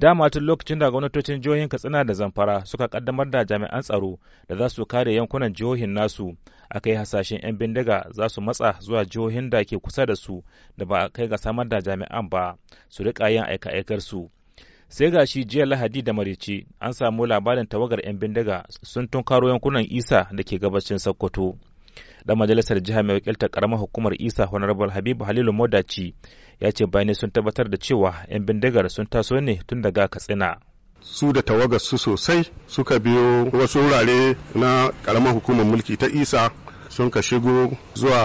dama tun lokacin da gwamnatocin jihohin katsina da zamfara suka kaddamar da jami'an tsaro da za su kare yankunan jihohin nasu aka yi hasashen 'yan bindiga za su matsa zuwa jihohin da ke kusa da su da ba a kai ga samar da jami'an ba su rika yin aika-aikar su sai ga shi jiya lahadi da marici an samu labarin tawagar 'yan bindiga sun tunkaro yankunan isa da ke gabacin sokoto dan majalisar jiha mai wakiltar karamar hukumar isa honorable habibu halilu modaci ya ce bayanai sun tabbatar da cewa 'yan bindigar sun taso ne tun daga katsina su da tawagar su sosai suka biyo wasu wurare na karamar hukumar mulki ta isa sun ka shigo zuwa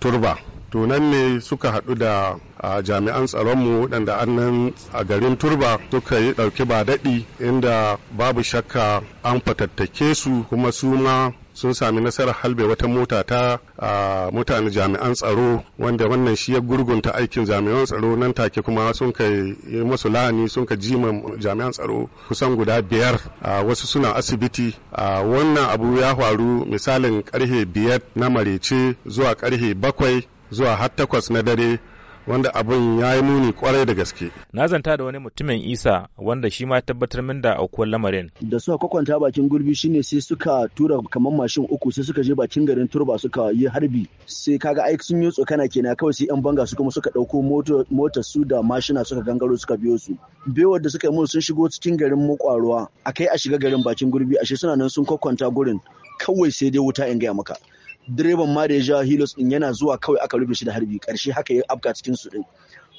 turba to nan ne suka haɗu da jami'an tsaronmu waɗanda an a garin turba suka yi ɗauki ba daɗi inda babu shakka an fatattake su kuma su ma sun sami nasarar halbe wata mota ta mutane jami'an tsaro wanda wannan shi ya gurgunta aikin jami'an tsaro nan take kuma sun kai masu lahani sun ka jima jami'an tsaro kusan guda biyar wasu suna asibiti wannan abu ya faru misalin karhe biyar na marece zuwa karhe bakwai zuwa har takwas na dare wanda abin ya yi muni kwarai da gaske. Na zanta da wani mutumin Isa wanda shi ma tabbatar min da aukuwar lamarin. Da suka kwakwanta bakin gurbi shine sai suka tura kamar mashin uku sai suka je bakin garin turba suka yi harbi sai kaga ai sun yi tsokana kenan kawai sai yan banga su kuma suka dauko motar su da mashina suka gangaro suka biyo su. Bewar da suka yi mun sun shigo cikin garin A kai a shiga garin bakin gurbi ashe suna nan sun kwakwanta gurin kawai sai dai wuta in gaya maka. direban ma da ya ja hilos din yana zuwa kawai aka rufe shi da harbi karshe haka ya afka cikin su din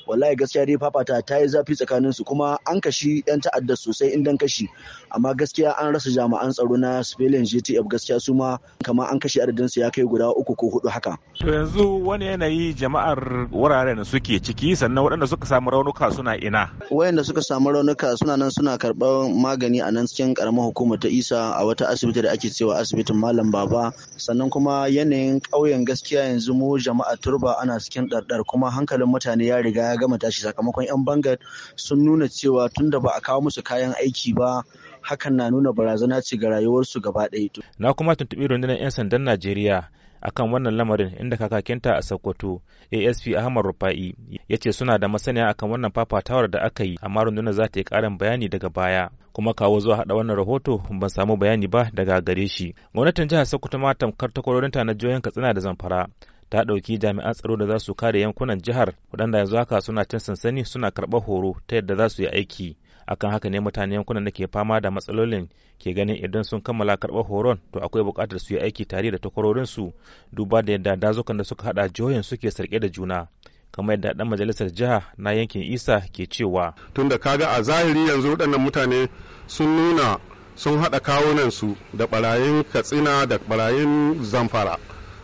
wallahi gaskiya dai fafata ta yi zafi tsakanin su kuma an kashi yan ta'adda sosai in dan kashi amma gaskiya an rasa jami'an tsaro na civilian GTF gaskiya su ma kama an kashi adadin su ya kai guda uku ko hudu haka to yanzu wani yanayi jama'ar wuraren suke ciki sannan waɗanda suka samu raunuka suna ina wayanda suka samu raunuka suna nan suna karɓar magani a nan cikin karamar hukumar ta isa a wata asibiti da ake cewa asibitin malam baba sannan kuma yanayin ƙauyen gaskiya yanzu mu jama'a turba ana cikin ɗarɗar kuma hankalin mutane ya riga gama tashi sakamakon 'yan bangar sun nuna cewa tun da ba a kawo musu kayan aiki ba hakan na nuna barazana ce ga rayuwarsu gaba ɗaya. Na kuma tuntuɓi rundunar 'yan sandan Najeriya akan wannan lamarin inda kakakinta a Sokoto ASP Ahmad Rufa'i ya ce suna da masaniya akan wannan fafatawar da aka yi amma rundunar za ta yi ƙarin bayani daga baya kuma kawo zuwa haɗa wannan rahoto ban samu bayani ba daga gare shi. Gwamnatin jihar Sokoto ma tamkar takwarorinta na jihohin Katsina da Zamfara ta ɗauki jami'an tsaro da za su kare yankunan jihar waɗanda yanzu haka suna cin sansani suna karɓar horo ta yadda za su yi aiki akan haka ne mutane yankunan da ke fama da matsalolin ke ganin idan sun kammala karɓar horon to akwai buƙatar su yi aiki tare da takwarorin su duba da yadda dazukan da suka haɗa jihohin suke sarƙe da juna kamar yadda dan majalisar jiha na yankin isa ke cewa tunda kaga a zahiri yanzu waɗannan mutane sun nuna sun haɗa su da ɓarayin katsina da ɓarayin zamfara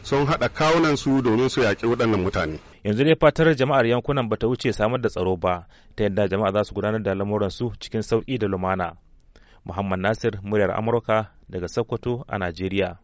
sun haɗa su domin su yaƙi waɗannan mutane. Yanzu dai fatar jama'ar yankunan bata wuce samar da tsaro ba ta yadda jama'a za su gudanar da lamuransu cikin sauƙi da lumana. Muhammad Nasir, muryar Amurka daga Sokoto a Najeriya.